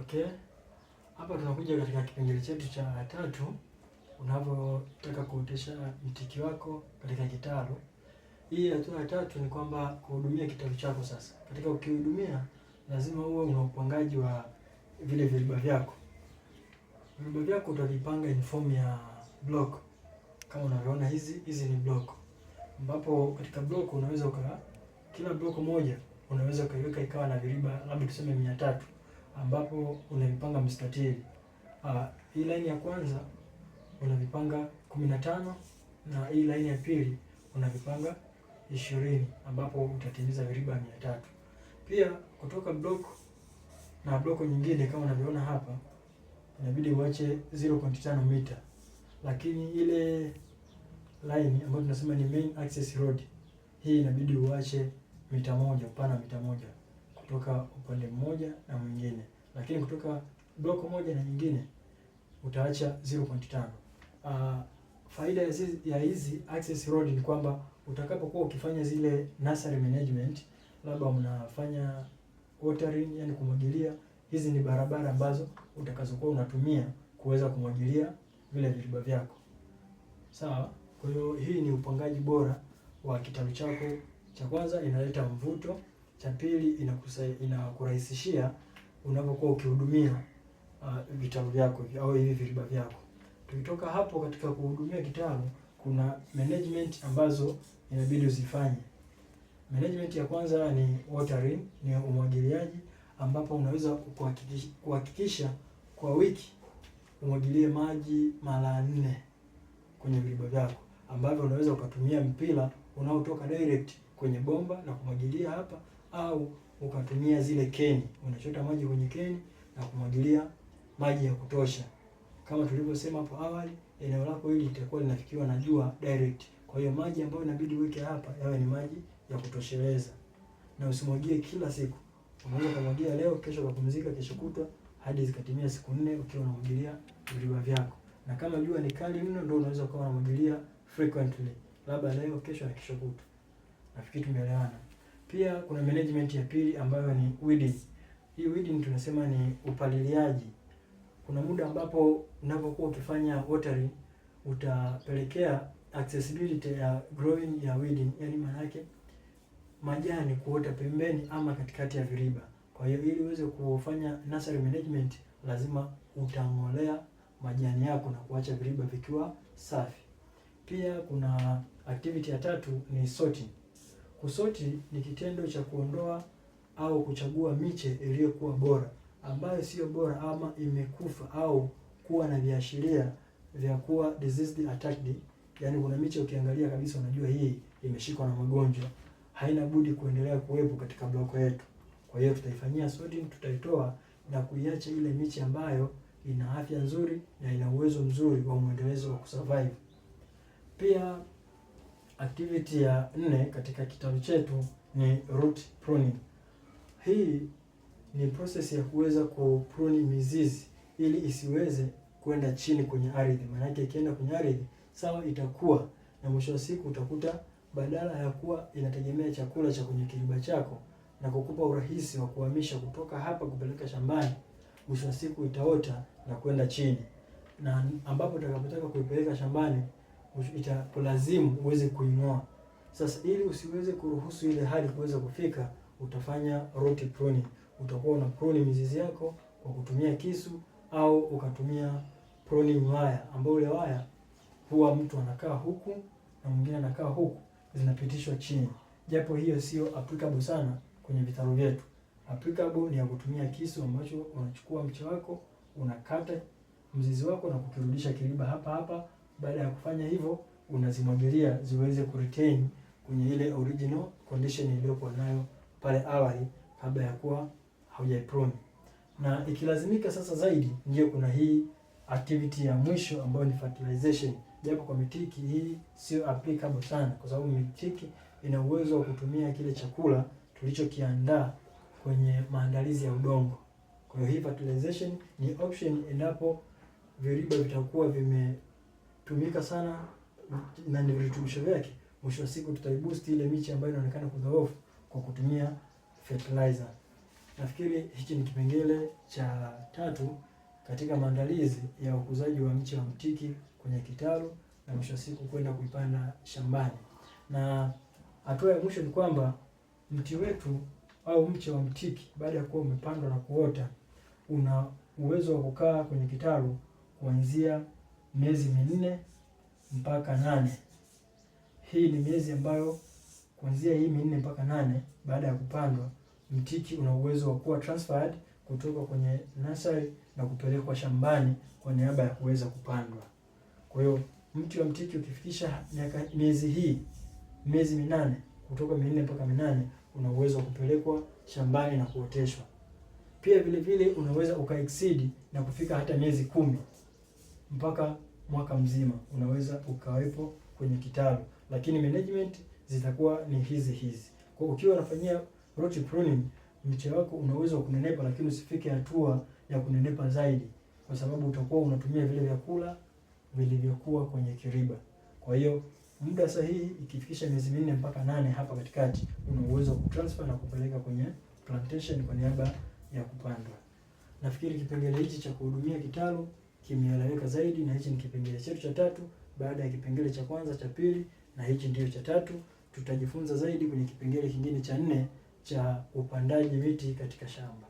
Okay, hapa tunakuja katika kipengele chetu cha tatu, unavyotaka kuotesha mtiki wako katika kitalu. Hii hatua ya tatu ni kwamba kuhudumia kitalu chako. Sasa katika ukihudumia, lazima uwe una upangaji wa vile viriba vyako. Viriba vyako utavipanga in form ya block, kama unavyoona hizi hizi ni block, ambapo katika block unaweza uka, kila block moja unaweza ukaiweka ikawa na viriba labda tuseme mia tatu ambapo unaipanga mstatili. Uh, hii line ya kwanza unavipanga 15 na hii line ya pili unavipanga 20 ambapo utatimiza viriba 300. Pia kutoka block na block nyingine kama unavyoona hapa inabidi uache 0.5 mita, lakini ile line ambayo tunasema ni main access road hii inabidi uache mita moja, upana mita moja kutoka upande mmoja na mwingine, lakini kutoka bloko moja na nyingine utaacha 0.5. Uh, ah, faida ya hizi access road ni kwamba utakapokuwa ukifanya zile nursery management, labda mnafanya watering, yani kumwagilia, hizi ni barabara ambazo utakazokuwa unatumia kuweza kumwagilia vile viriba vyako, sawa. Kwa hiyo hii ni upangaji bora wa kitalu chako. Cha kwanza inaleta mvuto. Cha pili inakurahisishia unapokuwa ukihudumia uh, vitalu vyako au hivi viriba vyako. Tukitoka hapo katika kuhudumia kitalu, kuna management ambazo inabidi uzifanye. Management ya kwanza ni watering, ni umwagiliaji ambapo unaweza kuhakikisha kwa wiki umwagilie maji mara nne kwenye viriba vyako, ambavyo unaweza ukatumia mpira unaotoka direct kwenye bomba na kumwagilia hapa au ukatumia zile keni, unachota maji kwenye keni na kumwagilia maji ya kutosha. Kama tulivyosema hapo awali, eneo lako hili litakuwa linafikiwa na jua direct. Kwa hiyo maji ambayo inabidi uweke hapa yawe ni maji ya kutosheleza, na usimwagie kila siku. Unaweza kumwagia leo, kesho kapumzika, kesho kutwa hadi zikatimia siku nne ukiwa unamwagilia viriba vyako. Na kama jua ni kali mno, ndio unaweza ukawa unamwagilia frequently, labda leo, kesho na kesho kutwa. Nafikiri tumeelewana. Pia kuna management ya pili ambayo ni weeding. Hii weeding tunasema ni upaliliaji. Kuna muda ambapo unapokuwa ukifanya watering utapelekea accessibility ya growing ya weeding, yani maana yake majani kuota pembeni ama katikati ya viriba. Kwa hiyo ili uweze kufanya nursery management, lazima utang'olea majani yako na kuacha viriba vikiwa safi. Pia kuna activity ya tatu ni sorting. Kusoti ni kitendo cha kuondoa au kuchagua miche iliyokuwa bora ambayo sio bora ama imekufa au kuwa na viashiria vya kuwa diseased attacked, yaani kuna miche ukiangalia kabisa unajua hii imeshikwa na magonjwa, haina budi kuendelea kuwepo katika bloko yetu. Kwa hiyo tutaifanyia sorting, tutaitoa na kuiacha ile miche ambayo ina afya nzuri na ina uwezo mzuri wa mwendelezo wa kusurvive. Pia Activity ya nne katika kitabu chetu ni root pruning. Hii ni process ya kuweza kupruni mizizi ili isiweze kwenda chini kwenye ardhi. Maana yake ikienda kwenye ardhi sawa, itakuwa na mwisho wa siku utakuta badala ya kuwa inategemea chakula cha kwenye kiriba chako na kukupa urahisi wa kuhamisha kutoka hapa kupeleka shambani, mwisho wa siku itaota na kwenda chini, na ambapo utakapotaka kuipeleka shambani itakulazimu uweze kuing'oa. Sasa ili usiweze kuruhusu ile hali kuweza kufika, utafanya root pruning. Utakuwa una prune mizizi yako kwa kutumia kisu au ukatumia pruning waya, ambayo ule waya huwa mtu anakaa huku na mwingine anakaa huku, zinapitishwa chini, japo hiyo sio applicable sana kwenye vitalu vyetu. Applicable ni ya kutumia kisu ambacho unachukua mche wako unakata mzizi wako na kukirudisha kiriba hapa hapa baada ya kufanya hivyo, unazimwagilia ziweze kuretain kwenye ile original condition iliyokuwa nayo pale awali kabla ya kuwa haujaprune. Na ikilazimika sasa zaidi, ndio kuna hii activity ya mwisho ambayo ni fertilization, japo kwa mitiki hii sio applicable sana, kwa sababu mitiki ina uwezo wa kutumia kile chakula tulichokiandaa kwenye maandalizi ya udongo. Kwa hiyo hii fertilization ni option endapo viriba vitakuwa vime tumika sana na ndio virutubisho vyake, mwisho wa siku tutaibusti ile miche ambayo inaonekana kudhoofu kwa kutumia fertilizer. Nafikiri hichi ni kipengele cha tatu katika maandalizi ya ukuzaji wa mche wa mtiki kwenye kitalu na mwisho wa siku kwenda kuipanda shambani. Na hatua ya mwisho ni kwamba mti wetu au mche wa mtiki baada ya kuwa umepandwa na kuota, una uwezo wa kukaa kwenye kitalu kuanzia miezi minne mpaka nane. Hii ni miezi ambayo kuanzia hii minne mpaka nane baada ya kupandwa, mtiki una uwezo wa kuwa transferred kutoka kwenye nursery na kupelekwa shambani kwa niaba ya kuweza kupandwa. Kwa hiyo mti wa mtiki ukifikisha miaka miezi hii miezi minane kutoka minne mpaka minane una uwezo wa kupelekwa shambani na kuoteshwa. Pia vile vile unaweza ukaexceed na kufika hata miezi kumi mpaka mwaka mzima unaweza ukawepo kwenye kitalu, lakini management zitakuwa ni hizi hizi. Kwa ukiwa unafanyia root pruning, mche wako unaweza kunenepa, lakini usifike hatua ya kunenepa zaidi, kwa sababu utakuwa unatumia vile vyakula vilivyokuwa kwenye kiriba. Kwa hiyo muda sahihi ikifikisha miezi minne mpaka nane hapa katikati, una uwezo wa kutransfer na kupeleka kwenye plantation kwa niaba ya kupandwa. Nafikiri kipengele hichi cha kuhudumia kitalu kimeeleweka zaidi, na hichi ni kipengele chetu cha tatu baada ya kipengele cha kwanza, cha pili na hichi ndiyo cha tatu. Tutajifunza zaidi kwenye kipengele kingine cha nne cha upandaji miti katika shamba.